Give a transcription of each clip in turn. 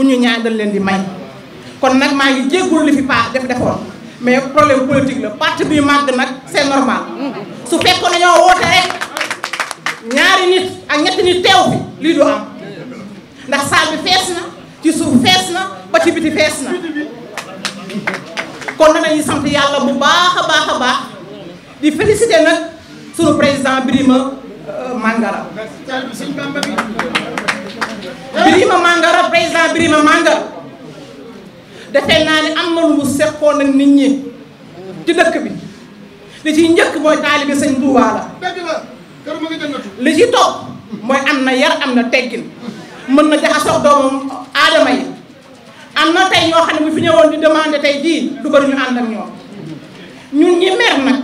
bu ñu ñaan dañ leen di may kon nag maa ngi jéggul li fi pa def defoon mais problème politique la parti bi màgg nag c'est normal su fekkoon nañoo woote rek ñaari nit ak ñetti nit teew bi lii du am ndax salle bi fees na ci suuf fees na ba ci biti fees na kon nañu sant yàlla bu baax a baax a baax di féliciter nag sunu président Birima euh, Mangara Birima Mangara président Birima Mangara defee naa ni am na lu mu seqoon ak nit ñi ci dëkk bi li ci njëkk mooy taalibe sëñ Tuubaa la li ci topp mooy am na yar am na teggin mën na jaxasoo doomu aadama yi am na tey ñoo xam ne bu fi ñëwoon di demandé tey jii du bëri ñu ànd ak ñoom ñun ñi mer nag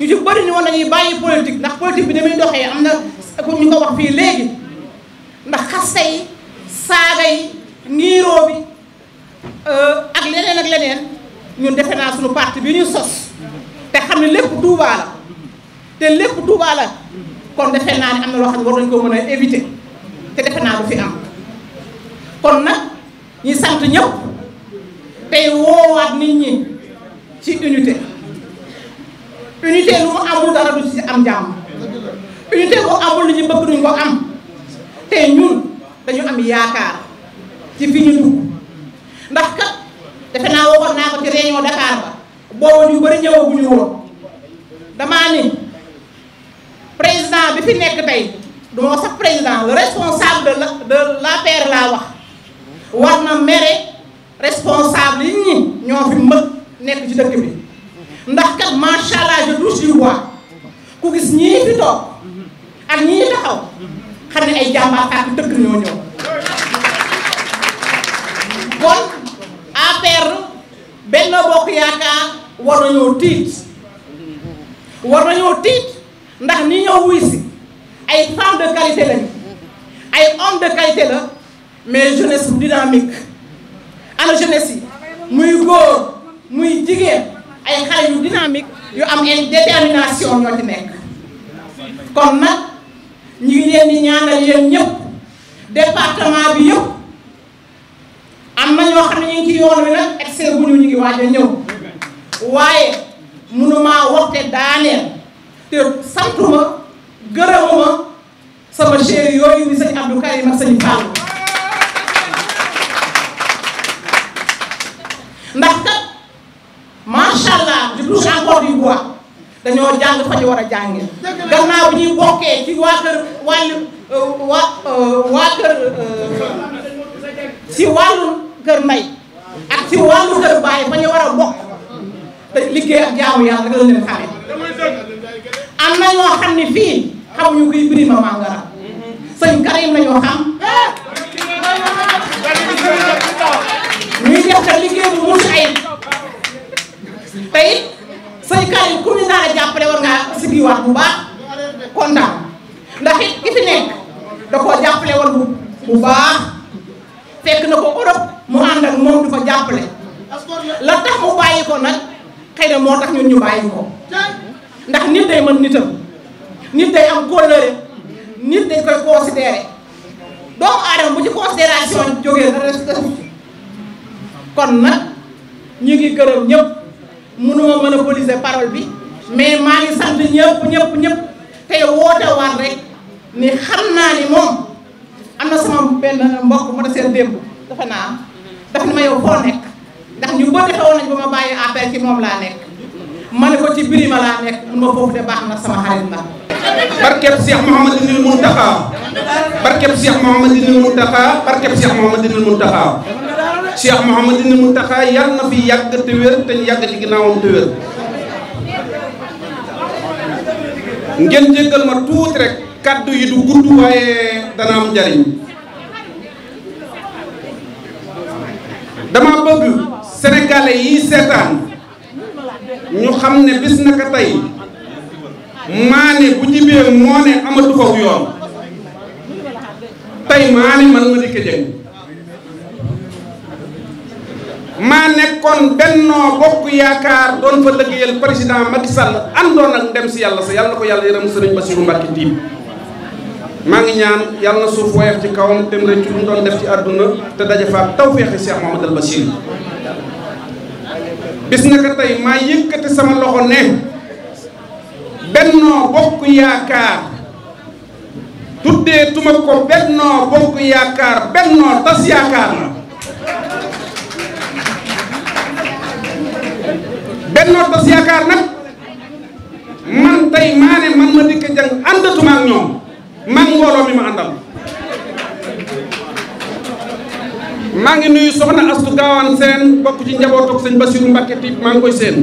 ñu ci bëri ñu woon dañuy bàyyi politique ndax politique bi ni muy doxee am na ñu ko wax fii léegi ndax xas yi saaga yi niiroo bi euh, ak leneen ak leneen ñun defe naa suñu parti bi ñu sos te xam ne lépp tuubaa la te lépp Touba la kon defe naa ne am na loo xam war nañu ko mën a éviter te defe naa du fi am kon nag ñi sant ñëw tey woowaat nit ñi ci unité unité lu mu amul dara du ci am jàmm unité bu amul lu ñu bëgg duñ ko am te ñun. dañu am yaakaar ci fi ñu dugg ndax kat defe naa waxoon naa ko ci réunion Dakar ba boobu ñu bëri ñëwaguñu woon damaa ni président bi fi nekk tey du ma sax président le responsable de la de l'APR laa wax war na mere responsable yi ñi ñoo fi mbëkk nekk ci dëkk bi ndax kat macha du bois ku gis ñii fi toog ak ñii taxaw. xam ne ay jàmbaar ak dëgg ñoo ñëw kon APR Benno Bokk Yaakaar war nañoo tiit war nañoo tiit ndax ni ñoo wuy ay femmes qualité lañu ay hommes de qualité la mais jeunesse dynamique ana jeunesse yi muy góor muy jigéen ay xale yu dynamique yu am une ñoo ci nekk kon nag. ñu ngi leen di ñaanal yéen ñëpp département bi yëpp am na ñoo xam ne ñu ngi ci yoon wi nag excès bu ñu ñu ngi waaj a ñëw waaye mënumaa waxte daaneel te santuma gërëmuma sama chéri yooyu mi sëñ Abdou Karim ak sëñ dañoo jàng fa ñu war a jàngee gannaaw bi ñuy bokkee ci waa kër wàllu euh, euh, waa kër si euh, wàllu kër may ak si wàllu kër bàyyi fa ñu war a bokk liggéey ak jaamu yàlla rek la leen xare am na ñoo xam ne fii xamuñu kuy Birima Mangara sëñ Karim la xam ñuy def liggéey bu mucc ayib tey say kaay ku ñu nar a jàppale war ngaa sigiwaat bu baax kontaan ndax it ki fi nekk da koo jàppale woon bu baax fekk na ko Europe mu ànd ak moom du ko jàppale la tax mu bàyyi ko nag xëy na moo tax ñun ñu bàyyi ko ndax nit day mën nitam nit day am kóllëre nit day koy considéré doomu aadama bu ci considération jógee na kon nag ñu ngi gërëm ñëpp. mënuma monopoliser parole bi mais maa ngi sant ñëpp ñëpp ñëpp tey woote waat rek ni xam naa ni moom am na sama benn mbokk mu desee démb dafa naa dafa ni ma yow foo nekk ndax ñu bëri xewoon nañ ba ma bàyyi affaire ci moom laa nekk ma ne ko ci birima laa nekk mun ma foofu de baax na sama xarit la barkeb Cheikh Mouhamadinil Mountakha barkeb Cheikh Mouhamadinil Mountakha barkeb Cheikh Mouhamadinil Mountakha Cheikh Mouhamadou Mountakha yàlla na fi yàgg te te yàgg ci ginnaawam te wér. ngeen jéggal ma tuuti rek kàddu yi du gudd waaye dana am njariñ dama bëgg sénégalais yi seetaan ñu xam ne bis naka tey maane bu jibee moo ne amatu faw yoon tey maane man ma dikk jëng maa nekkoon bennoo bokk yaakaar doon fa liggéeyal président Macky Sall àndoon ak dem si yàlla sa yàlla na ko yàlla yërëm sëriñ Bassirou Mbacké Tine maa ngi ñaan yàlla na suuf woyof ci kawam dem rek ci lu mu doon def ci àdduna te daje faat tawféexi Cheikh Mouhamadou Bachir bis naka tey maa yëkkati sama loxo ne bennoo bokk yaakaar tuddee tuma ko bennoo bokk yaakaar bennoo tas yaakaar na Benno Bokk Yaakaar nag man tey maa ne man ma dikk jàng àndatuma ñoom maa ngi mbooloo mi ma àndal maa ngi nuyu soxna Astu Gaawaan seen bokk ci njabootu sañ Basiru Mbàkke tiib maa ngi koy seen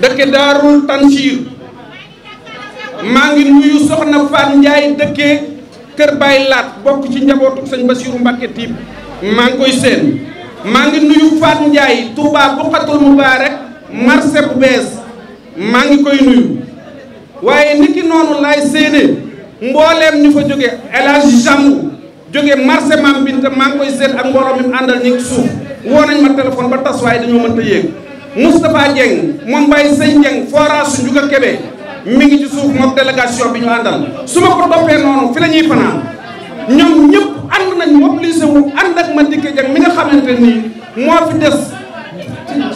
dëkke Daarul Tansiir maa ngi nuyu soxna Faat Njaay dëkke Kër Baay Laat bokk ci njabootu sañ Basiru Mbàkke tiib maa ngi koy seen maa ngi nuyu Fatou Ndiaye Touba Boukhatoul Moubarak marché bu bees maa ngi koy nuyu waaye niki noonu laay séenee mbooleem ñu fa jóge El Hadj Jamou jóge marché Mame Binta maa ngi koy seet ak mbooloo mi mu àndal ñu suuf woo nañ ma téléphone ba tas waaye dañoo mënta yéeg Moustapha Dieng moom Baye Sëñ Dieng forage su Ndiouga Kébé mi ngi ci suuf moom bi ñu àndal su ma ko noonu fi la fanaan ñoom ñëpp. nañ mobilisé wu ànd ak Madické Niang mi nga xamante nii moo fi des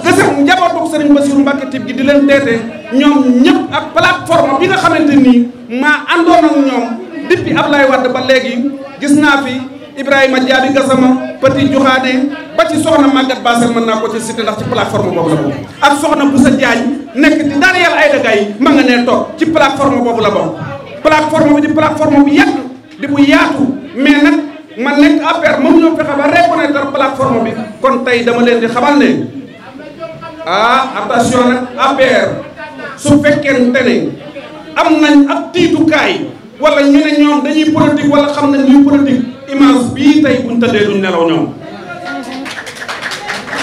dese njabootu Serigne Bassirou Mbacké Typ gi di leen teete ñoom ñëpp ak plateforme bi nga xamante nii maa àndoon ak ñoom depuis Ablaye Wade ba léegi gis naa fi Ibrahima Diaby Gassama Petit Dioukhane ba ci soxna Maguette Bassel mën naa ko ci cité ndax ci plateforme boobu la bokk ak soxna Boussa Diagne nekk di daal yàlla ay dagay ma nga ne toog ci plateforme boobu la bokk plateforme bi di plateforme bu yàgg di bu yaatu mais nag man nekk APR moom ñoo fexe ba reconnaître plateforme bi kon tey dama leen di xamal ne ah attention nag APR su fekkente ne am nañ ab tiitukaay wala ñu ne ñoom dañuy politique wala xam nañ ñuy politique image bii tey buñ tëddee duñ nelaw ñoom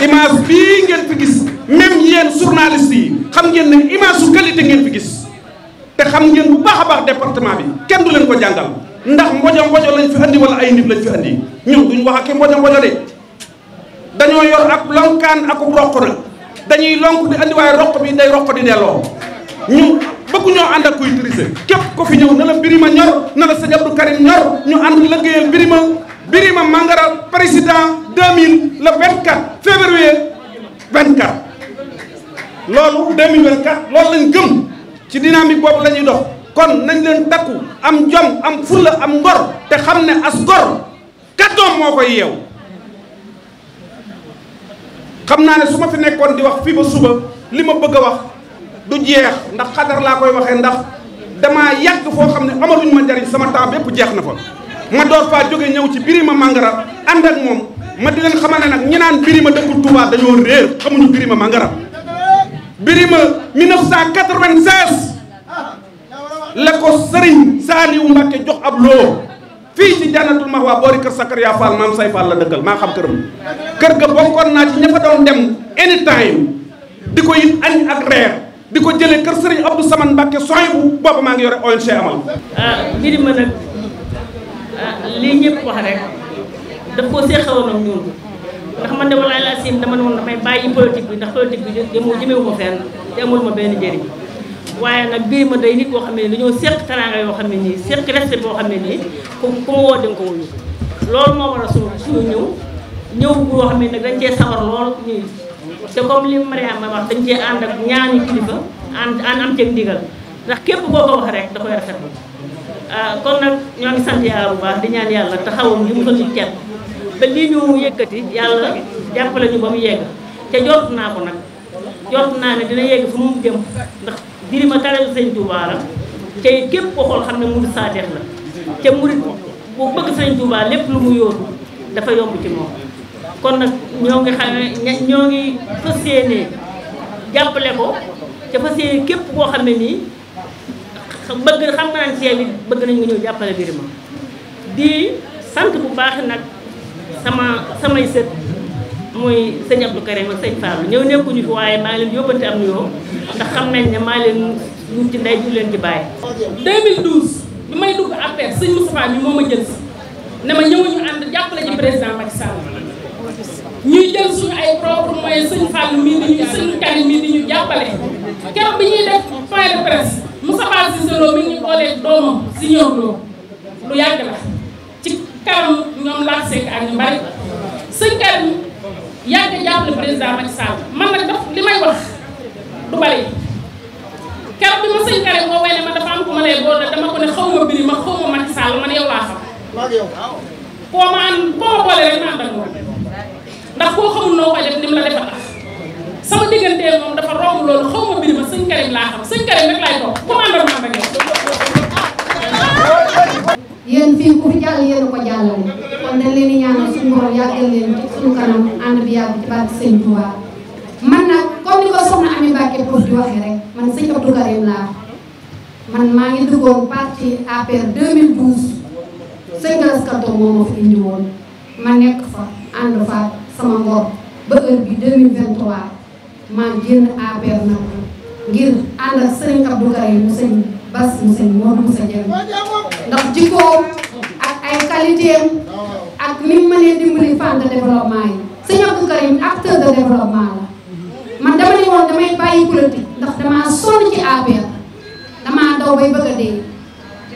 image bii ngeen fi gis même yéen journaliste yi xam ngeen ne image su qualité ngeen fi gis te xam ngeen bu baax a baax département bi kenn du leen ko jàngal ndax mbojo mbojo lañ fi andi wala ay nit lañ fi andi ñun duñ wax ak mbojo mbojo de dañoo yor ak lonkaan ak roq na dañuy lonk di andi waaye roq bi day roq di delloo ñu bëggu ñoo ànd ak kuy triser képp ko fi ñëw na la Birima ñor na la sëñ Abdou Karim ñor ñu ànd liggéeyal Birima Birima Mangara président 2000 le 24 février 24. loolu 2024 loolu lañ gëm ci dynamique boobu lañuy ñuy dox. kon nañ leen takku am jom am fulla am ngor te xam ne as gor kàddoom moo koy yeew xam naa ne su ma fi nekkoon di wax fii ba suba li ma bëgg a wax du jeex ndax xadar laa koy waxee ndax damaa yàgg foo xam ne amaluñ ma njariñ sama temps bépp jeex na fa ma door faa jóge ñëw ci Birima Mangara ànd ak moom ma di leen xamal ne nag ñi naan Birima dëkkul Touba dañoo réer xamuñu Birima Mangara Birima 1996 la ko sëriñ Saaliwu Mbàkke jox ab loo fii ci jànnatul mahwa boori kër Sakariya Fall maam say Fall la dëkkal maa xam këram kër ga bokkoon naa ci ña fa doon dem anytime di ko yit añ ak reer di ko jële kër sëriñ Abdou Saman Mbàkke soy bu booba maa ngi yore ONG amal ah ma nag ah, lii ñëpp wax rek daf koo seexaloon ak ñun ndax man de walaay laa siin dama ne woon damay bàyyi politique bi ndax politique bi jëmoo jëmewu ma fenn te amul waaye nag bii ma day nit koo xam ne dañoo séq teraanga yoo xam ne nii séq respect boo xam ne nii ku ku ma woo di nga ko wuyu loolu moo war a suñu suñu ñëw ñëw boo xam ne nag dañ cee sawar lool ñuy te comme li Mariama wax dañ cee ànd ak ñaani kilifa ànd ànd am ceeg ndigal ndax képp koo ko wax rek da koy rafetlu ah, kon nag ñoo ngi sant bu baax di ñaan yàlla taxawam li mu ko ci cet ba lii ñu yëkkati yàlla jàppale lañu ba mu yegg te jot naa ko nag jot naa ne dina yegg fu mu jëm ndax birima talal sëñ Touba la te képp ko xool xam ne murid saadeex la te murid bu bëgg sëñ Touba lépp lu mu yóotu dafa yomb ci moom kon nag ñoo ngi xamee ñoo ngi fas yéenee jàppale ko te fas yéenee képp koo xam ne nii bëgg xam nga naan ci bëgg nañ nga ñëw jàppale birima di sant bu baax nag sama samay sët mooy sëñ Abdou Karim ak sëñ Fallou ñëw nekkuñu fi waaye maa leen yóbbante am nuyoo ndax xam nañ ne maa leen ñu ci ndey ju leen ci bàyyi. 2012 bi may dugg APR sëñ Moustapha bi moo ma jël si ne ma ñëw ñu ànd président Macky Sall ñuy jël suñu ay propres moyens sëñ Fallou mii di ñu ñu jàppale keroog bi ñuy def point de presse Moustapha Cissé Lo mi ngi ñu booleeg doomam si ñëw loo lu yàgg la ci kanam ñoom laaj sekk ak ñu bari sëñ Karim. yàgg jàppale président Macky Sall man nag daf li may wax du bari keroog bi ma sëñ Karim moo wey ne ma dafa am ku ma lay boole dama ko ne xaw ma biri ma xaw ma Macky Sall man yow laa xam. koo ma an koo ma boole rek ma ànd moom ndax koo xamul noo koy def ni mu la defa tax sama diggantee moom dafa romb loolu xaw ma biri ma sëñ Karim laa xam sëñ Karim rek laay toog ku ma àndal ma ànd ak yéen fii ku fi jàll yéen ko jàllale kon dañ leen di ñaanal suñu borom yàggal leen ci suñu kanam ànd bi yàgg ci barke sëñ Touba man na comme ni ko soxna Ami Mbacke Prof di waxee rek man sëñ Abdou Karim laa man maa ngi duggoon parti APR 2012 sëñ Galas Kato moom moo fi indi woon ma nekk fa ànd fa sama ngor ba heure bi 2023 maa génn APR nag ngir ànd ak sëñ Abdou mu sëñ Bass mu sëñ Modou mu sa jëriñ ndax jikkoom ak ay qualité ak lim ma leen dimbali fànn de développement yi sëñ Abdou Karim acteur de développement la man dama ne woon damay bàyyi politique ndax damaa sonn ci APR damaa daw bay bëgg a dee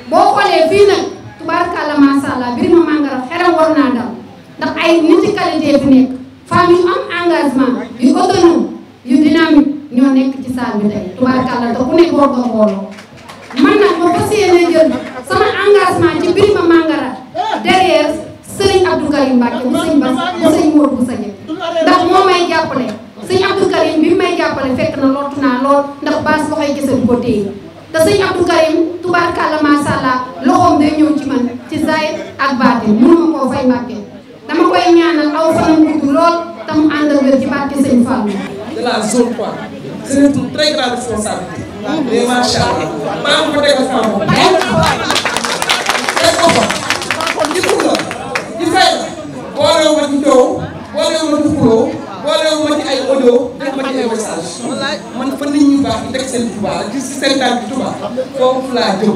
boo xoolee fii nag tubaarkàlla macha allah Birima Mangara xelam war naa dal ndax ay nit qualité bi nekk femmes yu am engagement yu autonome yu dynamique ñoo nekk ci salle bi tey tubaarkàlla ku nekk war nga xooloo man nag ma fas yéene jël sama engagement ci Birima Mangara eh. derrière Serigne Abdou Karim Mbacke bu sëñ Bass bu sëñ Mor bu sañe ndax moo may jàppale sëñ Abdou Karim bi may jàppale fekk na lottu naa lool ndax baas loxoy gisal ko téye te sëñ Abdou Karim tubaarkàlla macha allah loxoom day ñëw ci man ci zaahir ak baatin mënuma koo fay Mbacke dama koy ñaanal aw fanam gudd lool te mu àndal wér ci barke sëñ Fall. de la zone 3 mais macha allah maa ngi ko tegal sama bopp. teg ko fa gis nga gis nga boolewu ma ci coow boolewu ma ci xuloo boolewu ma ci ay audio def ma ci ay message man fa nit ñu baax ñu teg seen Tuubaa gis si seen tànk Tuubaa foofu laa jëm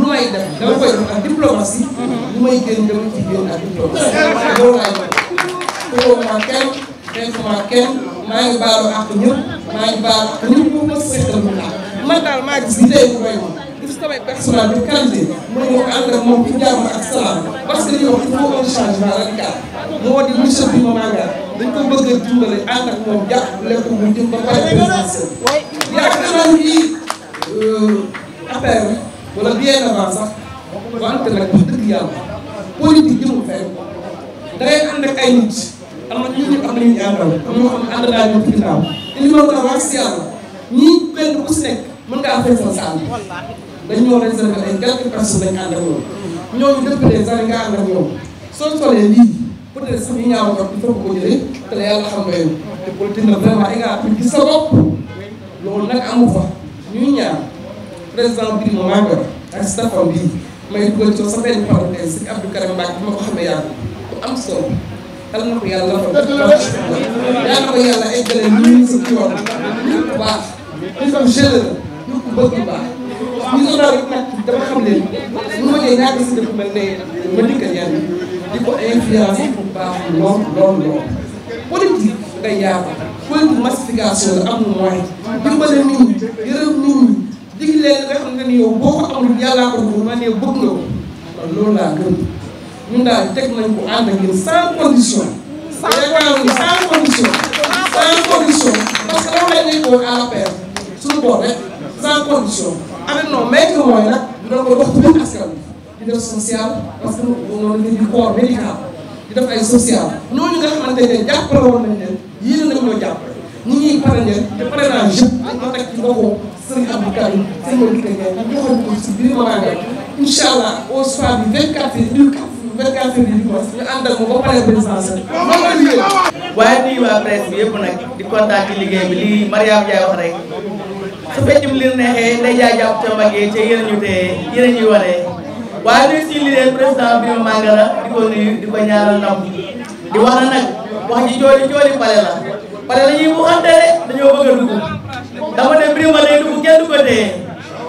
lu may def dama koy def ak diplomatie lu may génn dama ci génn ak diplomatie loolu laay def. xuloo ma kenn denc ma kenn maa ngi baalu àq ñëpp. maa ngi baal ñun moom la seqal mu laal man daal maa gis liggéey bu doy moom. gis samay personnel de qualité mën nga ko ànd ak moom ci jàmm ak salaam parce que yow il faut un changement radical moo di monsieur bi ma màngal dañ ko bëgg a dimbale ànd ak moom jàppale ko mu jëm ba pare présidentiel. yaakaar naa ni euh, affaire bi wala bien avant sax wante nag wax dëgg yàlla politique jëmul fenn da ngay ànd ak ay nit am na ñu nit am na ñu ñu àndal am na ñoo xam ne ànd naa ñu fi ginnaaw. li ñu la mën a wax si yàlla ñii benn bu si nekk mën ngaa am responsable dañ ñoo réservé ay quelques personnes lañ ànd ak ñoom ñooñu depuis des années nga ànd ak ñoom soo solee lii peut-être sax ñu ñaaw ndox il faut ko jëlee te la yàlla xam nga yow te politique na vraiment da ngaa gis sa bopp loolu nag amu fa ñuy ñaan président Birima Mangor ak staffam bii may dugal coow sa benn parenthèse si Abdou Karim Mbacke bi ma ko xamee yàlla ku am solo yàlla na ko yàlla la ko yàlla na ko yàlla eggalee ñu ngi si coono ñu ko baax ñu ko jëlee ñu ko bëgg bu baax ñu ko daal nag dama xam leen lu ma dee ñaata si dafa mel ne ma dikkal yàlla di ko influence bu baax lool lool lool. politique day yaatu politique massification la amul mooy dimbale nit ñi yërëm nit ñi dig leen nga xam ne ni yow boo ko amul yàllaa ko bu ma ne bëgg nga ko loolu laa gën. ñun daal teg nañ ko ànd ak condition. sans condition sans condition parce que loolu la ñuy woo à o paire suñu bopp rek sans condition. avec nos maîtres mooy nag dina ko dox biir askan di def social parce que noonu la ñuy corps médical di def ay social ñooñu nga xamante ne jàppale woon nañ leen yéen a ñoo jàppale ñi ñuy parrainer te parrainage yëpp dañ ko teg ci loxo sëñ Abdou Karim sëñ Modou Kégé ñu joxoon ko ci biir Mamadou incha allah au soir 24 heures di waa presse bi yëpp nag di kontaan liggéey bi li Mariam Ndiaye wax rek su fekkee li neexee day jaay jàpp ca mag yi ca yéen a ñu tee yéen a ñuy wane waaye nuyu suñu leader président bi di ko nuyu di ko ñaanal ndam di wax na nag wax ji jooli jooli pale la pale la ñuy dañoo bëgg a dugg dama ne Birima lay dugg kenn du ko téye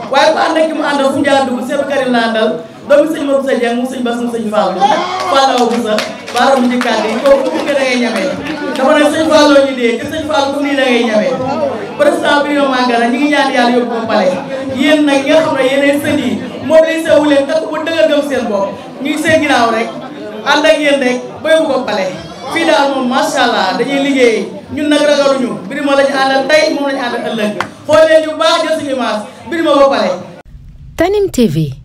waaye ku mu àndal fu mu jaar dugg Seydou Karim la àndal. doomu sëñ Maodo Seye Dieng moom sëñ Bass moom sëñ Fallou Fallou Moussa Fallou mu njëkkaat yi kooku ku da ngay ñamee dama ne sëñ Fallou ñu dee te sëñ Fallou ku nii da ngay ñamee président bi ñoo màggal ñu ngi ñaan yàlla yóbbu ko pale yéen nag nga xam ne yéenay sëñ yi mobilisé wu leen takk bu dëgër gëm seen bopp ñu ngi seen ginnaaw rek ànd ak yéen rek ba yóbbu ko pale fii daal moom macha allah dañuy liggéey ñun nag ragaluñu birima lañu àndal tey moom lañu àndal ëllëg xool